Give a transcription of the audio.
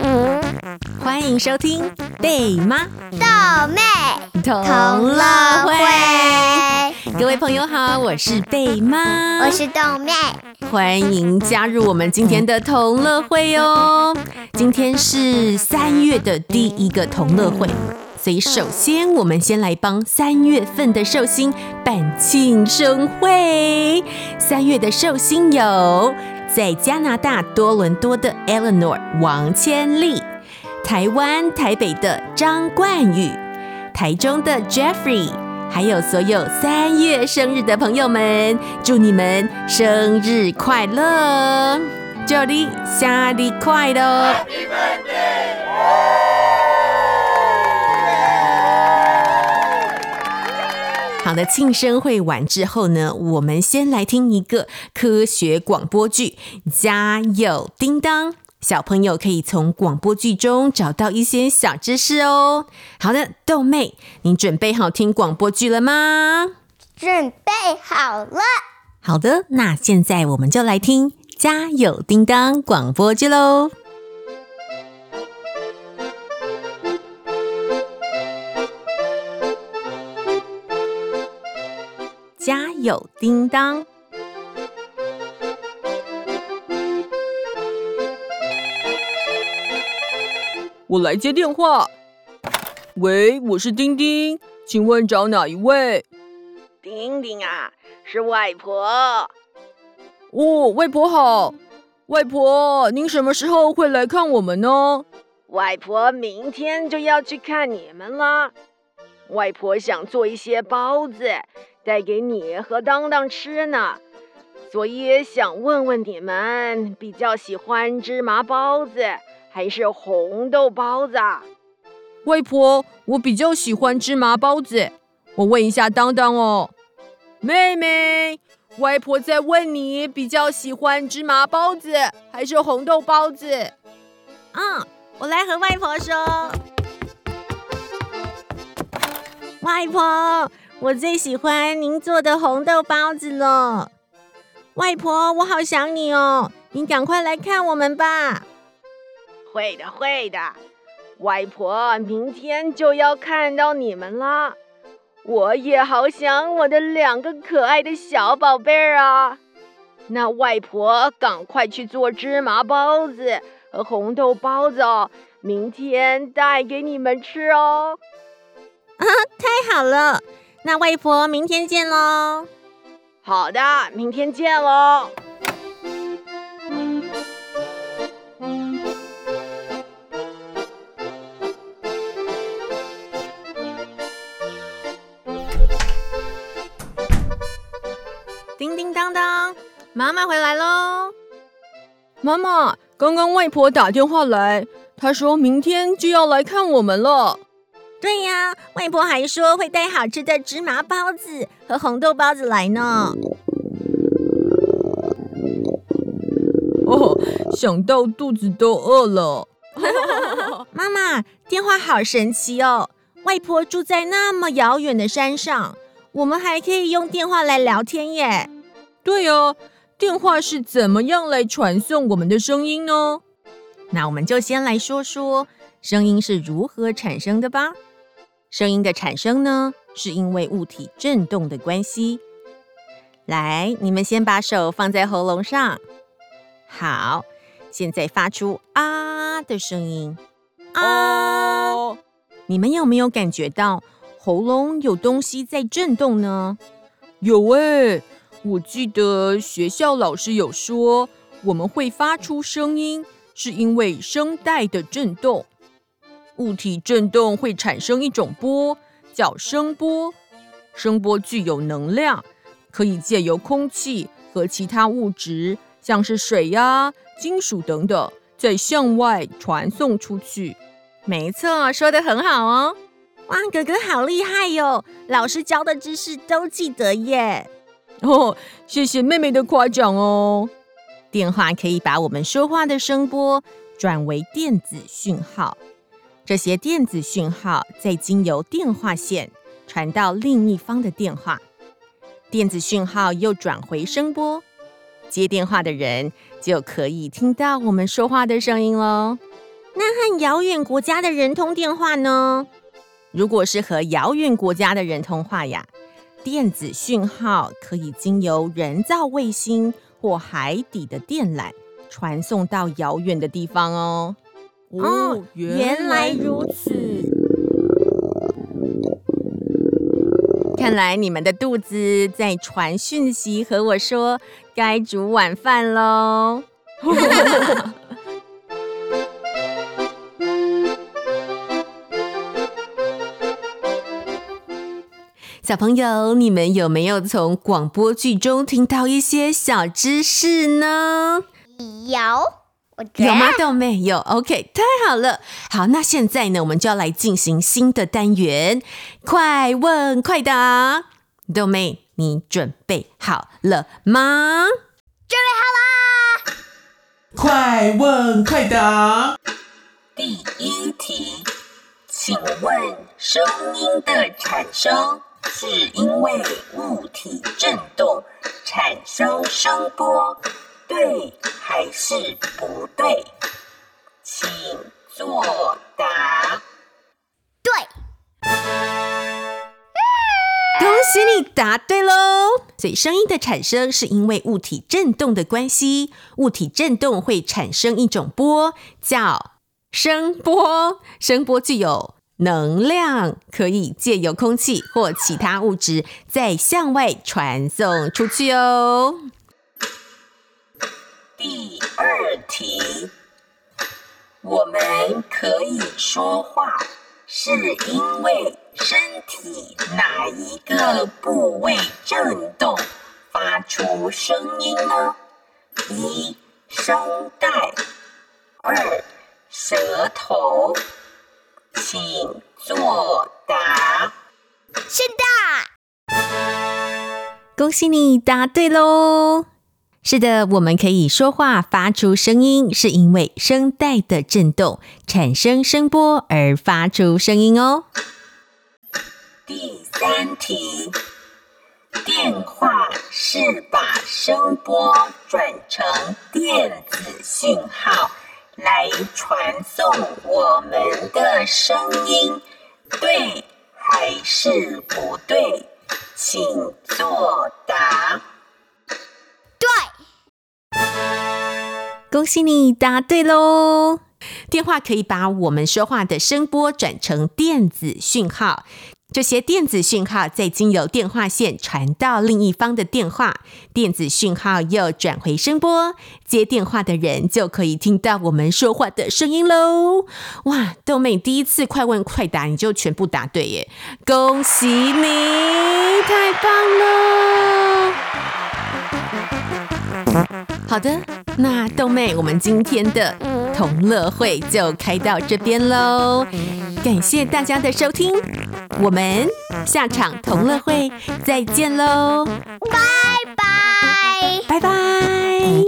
嗯、歡迎收聽貝媽豆妹同樂會，樂會各位朋友好，我是貝媽，我是豆妹，歡迎加入我們今天的同樂會哦。今天是三月的第一個同樂會。所以，首先我們先來幫三月份的壽星辦慶生會。三月的壽星有在加拿大多倫多的 Eleanor 王芊麗，台灣台北的張冠宇，台中的 Jeffery，還有所有三月生日的朋友們，祝你們生日快樂，祝你生日快樂！Happy birthday! 我的慶生會完之後呢，我們先來聽一個科學廣播劇《家有叮噹》，小朋友可以從廣播劇中找到一些小知識哦。好的，豆妹，你準備好聽廣播劇了嗎？準備好了。好的，那現在我們就來聽《家有叮噹》廣播劇嘍。有叮噹，我來接電話。喂，我是叮叮，請問找哪一位？叮叮啊，是外婆。哦，外婆好。外婆，您什麼時候會來看我們呢？外婆明天就要去看你們啦。外婆想做一些包子，帶給你和當當吃呢，所以也想問問你們，比較喜歡芝麻包子還是紅豆包子啊？外婆，我比較喜歡芝麻包子。我問一下當當哦。妹妹，外婆在問你，比較喜歡芝麻包子還是紅豆包子？嗯，我來和外婆說。外婆，我最喜歡您做的紅豆包子了。外婆，我好想你哦，你趕快來看我們吧。會的，會的，外婆，明天就要看到你們了。我也好想我的兩個可愛的小寶貝兒啊。那外婆，趕快去做芝麻包子和紅豆包子哦，明天帶給你們吃哦。啊，太好了！那外婆明天見嘍。好的，明天見嘍。叮叮噹噹，媽媽回來嘍。媽媽，剛剛外婆打電話來，她說明天就要來看我們了。對呀，外婆還說會帶好吃的芝麻包子和紅豆包子來呢。哦，想到肚子都餓了。 媽媽，電話好神奇哦！外婆住在那麼遙遠的山上，我們還可以用電話來聊天耶。對呀，電話是怎麼樣來傳送我們的聲音呢？那我們就先來說說聲音是如何產生的吧。聲音的產生呢，是因為物體振動的關係。來，你們先把手放在喉嚨上，好，現在發出“啊”的聲音，啊！哦、你們有沒有感覺到喉嚨有東西在震動呢？有誒、欸。我記得學校老師有說，我們會發出聲音，是因為聲帶的震動。物體振動會產生一種波，叫聲波。聲波具有能量，可以借由空氣和其他物質，像是水呀、啊、金屬等等，再向外傳送出去。沒錯，說得很好哦！哇，哥哥好厲害喲、哦！老師教的知識都記得耶！哦，謝謝妹妹的誇獎哦。電話可以把我們說話的聲波轉為電子訊號。這些電子訊號再經由電話線傳到另一方的電話，電子訊號又轉回聲波，接電話的人就可以聽到我們說話的聲音嘍。那和遙遠國家的人通電話呢？如果是和遙遠國家的人通話呀，電子訊號可以經由人造衛星或海底的電纜傳送到遙遠的地方哦。哦，原來如此！哦，原來如此。看來你們的肚子在傳訊息，和我說該煮晚飯嘍。 小朋友，你們有沒有從廣播劇中聽到一些小知識呢？有。啊、有嗎？豆妹，有。OK，太好了。好，那現在呢，我們就要來進行新的單元，快問快答。豆妹，你準備好了嗎？準備好了。快問快答。第一題，請問聲音的產生是因為物體振動產生聲波。對還是不對？請作答。對，恭喜你答對嘍！所以聲音的產生是因為物體振動的關係，物體振動會產生一種波，叫聲波。聲波具有能量，可以借由空氣或其他物質再向外傳送出去哦。題，我們可以說話，是因為身體哪一個部位震動發出聲音呢？一，聲帶；二，舌頭。請作答。聲帶的。恭喜你答對嘍！是的，我們可以說話發出聲音，是因為聲帶的振動產生聲波而發出聲音哦。第三題，電話是把聲波轉成電子信號來傳送我們的聲音，對還是不對？請作答。恭喜你答對嘍！電話可以把我們說話的聲波轉成電子訊號，這些電子訊號再經由電話線傳到另一方的電話，電子訊號又轉回聲波，接電話的人就可以聽到我們說話的聲音嘍。哇，豆妹第一次快問快答，你就全部答對耶，恭喜你，太棒了！好的，那豆妹，我們今天的同樂會就開到這邊嘍，感謝大家的收聽，我們下場同樂會再見嘍，拜拜，拜拜。